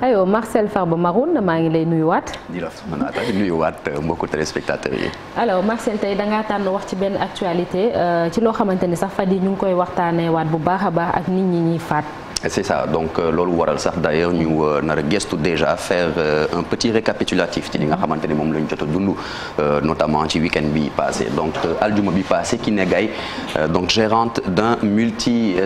aywa Marcel Farba Maroun maa ngi lay nuyuwaat. di la nuyuwaat euh, mbokku téléspectateurs yi. Marcel tey da ngaa tànn wax ci benn actualité euh, ci loo xamante ni sax fan yi ñu ngi koy waxtaanee waat bu baax a baax ak nit ñi ñuy faat. c'est ça donc euh, loolu waral sax d'ailleurs ñu euh, nar a gëstu déjà faire euh, un petit récapitulatif ci li nga xamante ni moom la ñu jot a dund notamment ci week-end bi passé donc aljuma bi passé Kiné Gaye donc gérante d'un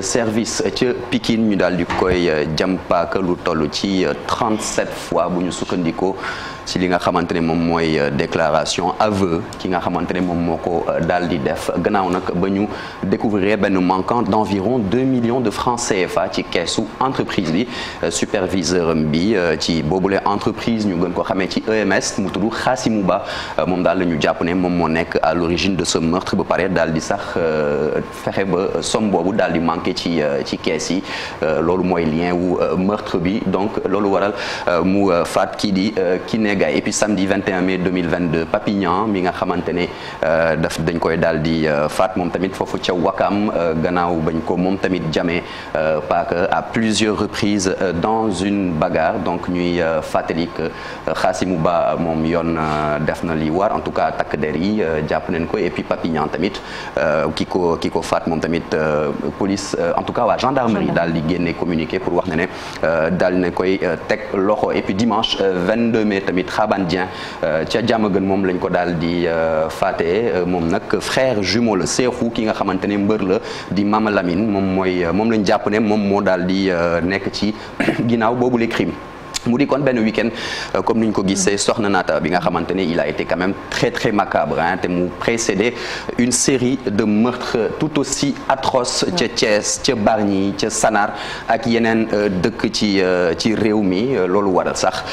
service ci Pikine ñu daal di koy jam paaka lu toll ci 37 fois bu ñu sukkandikoo ci li nga xamante ne moom mooy déclaration aveu ki nga xamante ne moom moo ko daal di def gannaaw nag ba ñu découvrir benn manquant d'environ 2 millions de keesu entreprise bi euh, superviseur am bi euh, ci boobu boobule entreprise ñu gën ko xamee ci EMS mu tudd mu Ba euh, moom daal la ñu jàpp ne moom moo nekk à l'origine de ce meurtre ba pare daal di sax fexe ba somme boobu daal di manqué ci ci kees yi loolu mooy lien wu meurtre bi donc loolu waral mu faat kii di Kiné Gaye et puis samedi 21 mai 2022 Papignan mi nga xamante ne daf dañ koy daal di faat moom tamit foofu ca Wakam gannaaw bañ ko moom tamit jamee paaka à plusieurs reprises euh, dans une bagarre donc ñuy euh, fàttali que euh, Khassimou Ba moom yoon def na li war en tout cas takk der yi jàpp nañ ko et puis Papignan tamit ki ko ki ko faat moom tamit police en tout cas waa gendarmerie daal di génne communiqué pour wax ne ne daal na koy teg loxo et puis dimanche 22 mai tamit Xaban Dieng ca Diamaguène moom lañ ko daal di faate moom nag frère jumeau la Seexu ki nga xamante ne mbër la di Mama Lamine moom mooy moom lañ jàpp ne moom moo daal daal di euh, nekk ci ginnaaw boobu les crimes mu di kon benn week-end euh, comme ni ñu ko gisee soxna naata bi nga xamante ne il a été quand même très très macabre hein te mu précédé une série de meurtres tout aussi atroces ca Thiès ca Bargny ca Sanar ak yeneen euh, dëkk ci euh, ci réew mi loolu waral sax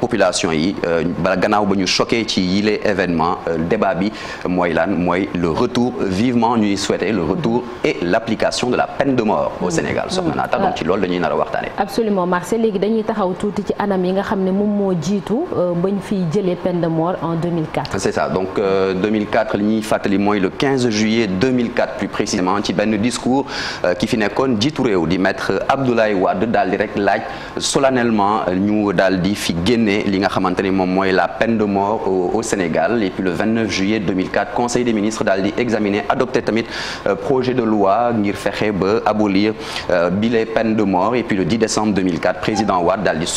population yi bala gannaaw ba ñu choqué ci yile événement débat bi mooy lan mooy le retour vivement ñuy souhaiter le retour et l'application de la peine de mort au mmh. Sénégal soxna naata donc ci lool la ñuy nar a waxtaane absolument Marcel léegi dañuy tuuti ci nga xam ne moom moo jiitu euh, bañ fiy jëlee peine de mort en 2004. c'est ça donc euh, 2004 li ñuy fàttali mooy le 15 juillet 2004 plus précisément ci benn discours euh, ki fi nekkoon jiitu réew di maître Abdoulaye Wade daal di rek laaj solennellement euh, ñu daal di fi génne li nga xamante ni moom mooy la peine de mort au, au Sénégal et puis le 29 juillet 2004 conseil des ministres daal di examiner adopté tamit projet de loi ngir fexe ba abolir bi les peines de mort et puis le décembre président Wade daal di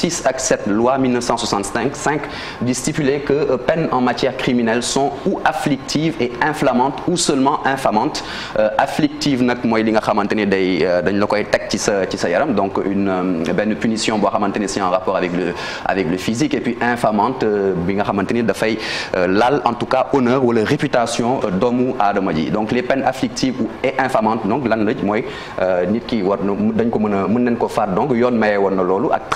6 ak 7 loi 1965 5 di stipuler que euh, peines en matière criminelle sont ou afflictives et inflammantes ou seulement infamantes euh, afflictive nag mooy li nga xamante ni day euh, dañ la koy teg ci sa ci sa yaram donc une benn punition boo xamante ni c'est en rapport avec le avec le physique et puis infamante bi nga xamante ni dafay lal en tout cas honneur wala réputation doomu aadama ji donc les peines afflictives et infamantes donc lan la mooy nit ki war dañ ko mën a mën nañ ko faat donc yoon mayee woon na loolu ak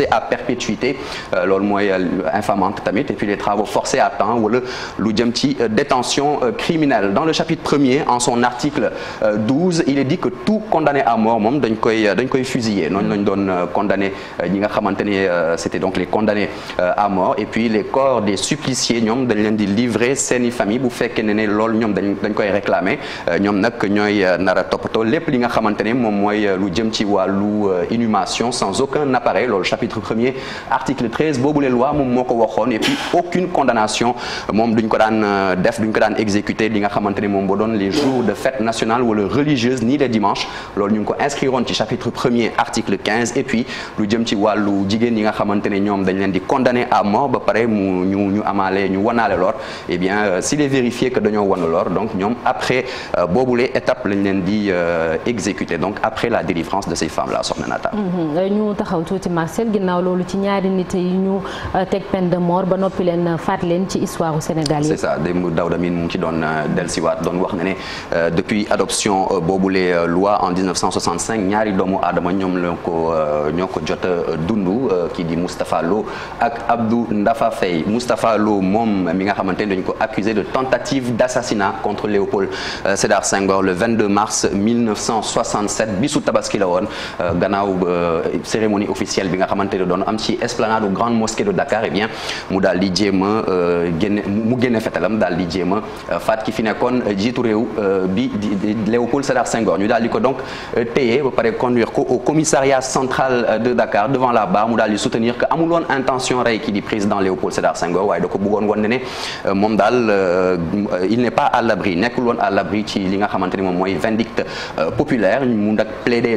forcés à perpétuité euh, loolu mooy euh, infamante tamit et puis les travaux forcés à temps wala lu jëm ci euh, détention criminelle dans le chapitre premier en son article 12 il est dit que tout condamné à mort moom dañ koy dañ koy fusiller noonu lañ doon condamné ñi nga xamante ne c'était donc les condamnés à mort et puis les corps des ñoom dañ leen di livrer seeni famille bu fekkee ne ne loolu ñoom dañ dañ koy réclamer ñoom nag ñooy nar a toppatoo lépp li nga xamante ne moom mooy lu jëm ci wàllu inhumation sans aucun appareil loolu chapitre chapitre premier article 13 boobu les loi moom moo ko waxoon aucune condamnation moom duñ ko daan euh, def du duñ ko daan exécuter li nga xamante ni moom boo doon les jours de fête nationale wala religieuse ni les dimanches loolu ñu ngi ko inscriroon ci chapitre premier article 15 et puis lu jëm ci wàllu jigéen yi nga xamante ne ñoom dañ leen di condamné à mort ba pare mu ñu ñu amaale ñu wanaale lor et eh bien euh, s'il est vérifié que dañoo wan lor donc ñoom après euh, boobule étape lañ leen di exécuter donc après la délivrance de ces femmes là soxna Nata mm-hmm. ginnaaw loolu ci ñaari nit yi ñu euh, teg peine de mort ba noppi leen faat leen ci histoire u Sénégal yi. c'est ça démb Daouda Mine mu ngi ci doon euh, dellusiwaat doon wax ne ne euh, depuis adoption boobule loi en 1965 ñaari doomu adama ñoom la ko ñoo ko jot a dundu kii di Moustapha Lo ak Abdou Ndafa Faye Moustapha Lo moom mi nga xamante ne dañu ko accusé de tentative d'assassinat contre Léopold Sédar Senghor le 22 mars 1967 bisu tabaski la woon gannaaw cérémonie officielle bi nga xam xamante ne doon am ci esplanade du grande mosquée de Dakar et eh bien mu daal di jéem a euh, génne mu génne fetalam daal di jéem a euh, faat ki fi nekkoon euh, jiitu réew bi Léopold Sédar Senghor ñu daal di ko donc téye ba pare conduire ko au commissariat central de Dakar devant la barre mu daal di soutenir que intention rey ki di président Léopold Sédar Senghor waaye da ko bëggoon woon ne moom daal il n'est pas à l'abri nekkul woon à l'abri ci li nga xamante ni moom mooy vindicte populaire mu nag plaider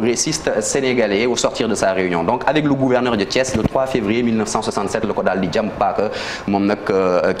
progressiste sénégalais au sortir de sa réunion donc avec le gouverneur de ko daal di jam paaka euh,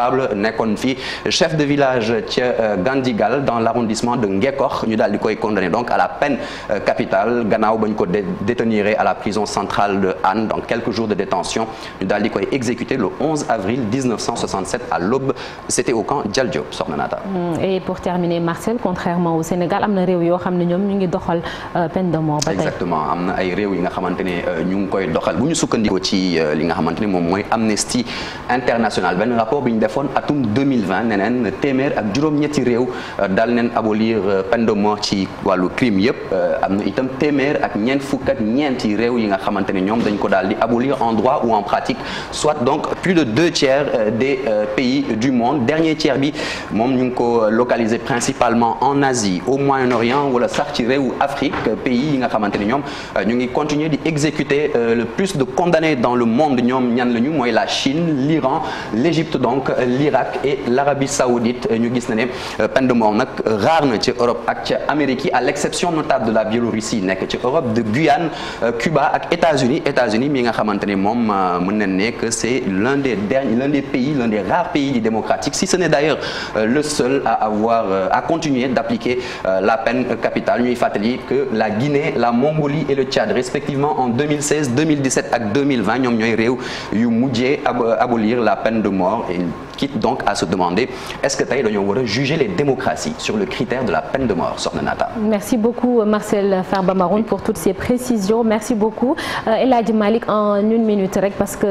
euh, nekkoon fi chef de village ca euh, Gandigal dans l'arrondissement de Ngekokh ñu daal di koy condamné donc à la peine capitale gannaaw ba ko détenir à la prison centrale de Hann dans quelques jours de détention ñu daal di koy exécuté le 11 avril 1967 à l'aube c'était au camp Dial Diop Soxna Nata mm, et pour terminer Marcel contrairement gouvernement wu Sénégal am na réew yoo xam ne ñoom ñu ngi doxal euh, peine de mort ba tey exactement am na ay réew yi euh, ñu ngi koy doxal bu ñu sukkandikoo ci euh, li nga xamante ne moom mooy Amnesty International benn rapport bi ñu defoon atum 2020 nee neen téeméer ak juróom-ñetti réew daal neen abolir peine de mort ci walu crime yëpp am na itam téeméer ak ñeent fukk ak ti réew yi nga xamante ne ñoom dañ ko daal di abolir en droit ou en pratique soit donc plus de deux tiers des pays du monde dernier tiers bi moom ñu ngi ko localiser principalement en Asie Asie au Moyen-Orient wala sax ci réewu Afrique pays yi nga xamante ni ñoom euh, ñu ngi continuer di exécuter euh, le plus de condamnés dans le monde ñoom ñan la ñu mooy la Chine l'Iran l'Égypte donc euh, l'Irak et l'Arabie saoudite ñu gis na ne peine de mort nag raar na ci Europe ak ca Amérique yi à l'exception notable de la Biélorussie nekk ci Europe de Guyane Cuba ak États-Unis États-Unis mi nga xamante ne moom mën nañ ne que c'est l'un des derniers l'un des pays l'un des rares pays démocratiques si ce n'est d'ailleurs le seul à avoir à continuer d'appliquer appliqué euh, la peine euh, la Guinée la Mongolie et le Tchad respectivement en 2016 2017 ak 2020 ñoom ñooy réew yu mujjee euh, abolir la peine de mort et quitte donc à se demander est-ce que tey a juger les démocraties sur le critère parce que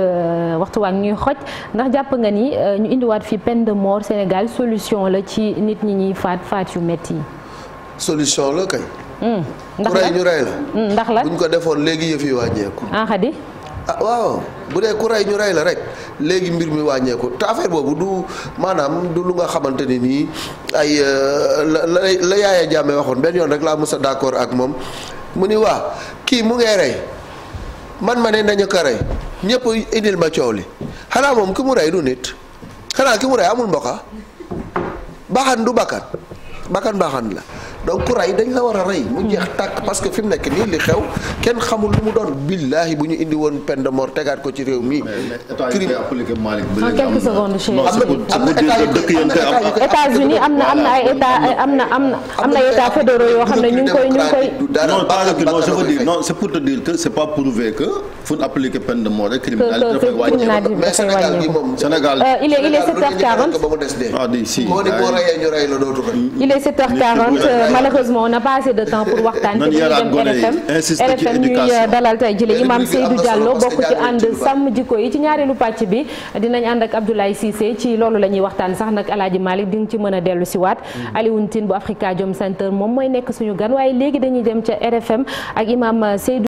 waxtu waa ñuy xoj ndax jàpp ni ñu indiwaat fi peine de mort Sénégal solution la ci nit ñi ñuy faat faat yu métti solution la kay. Hmm. ku rey ñu rey la. Hmm, ndax la buñ ko defoon léegi yëf wàññeeku. Ah, ah waaw bu dee ku rey ñu rey la rek léegi mbir mi wàññeeku te boobu du maanaam du lu nga xamante ne nii ay euh, la la la yaaya jàmme waxoon benn yoon rek laa mës a d'accord ak moom mu ni waa kii mu ngay rey man ma ne nañu ko rey ñëpp indil ma coow li xanaa moom ki mu rey du nit xanaa ki mu rey amul mboka baaxan du bakkan bakkan baaxan la. donc rey dañ la war a rey mu jeex tàkk parce que fi mu nekk nii li xew kenn xamul lu mu doon billaahi bu ñu indi woon peine de mort tegaat ko ci réew mi. crime en quelques secondes am na États-Unis am na am na ay état am na am na am na ay état fédéraux yoo xam ne ñu ngi koy ñu ngi koy. non parce que non je veux dire non c'est pour te dire que c'est pas prouvé que fu ñu appliquer peine de mort rek criminalité dafay wàññeeku mais Sénégal gi moom Sénégal euh, il est il est 7h40 ah di si moo di boo reyee ñu rey la dootu rek il est 7h40 malheureusement on a pas de temps pour waxtaan ci dem RFM RFM ñuy dalal tey jële Imam Seydou Diallo bokk ci ànd sàmm jikko yi ci ñaareelu pàcc bi dinañ ànd ak Abdoulaye Cissé ci loolu la ñuy waxtaan sax nag Alaaji Malick di nga ci mën a dellu siwaat waat mm-hmm. Alioune Tine bu Africa Jom Center moom mooy nekk suñu gan waaye léegi dañuy dem ca RFM ak Imam Seydou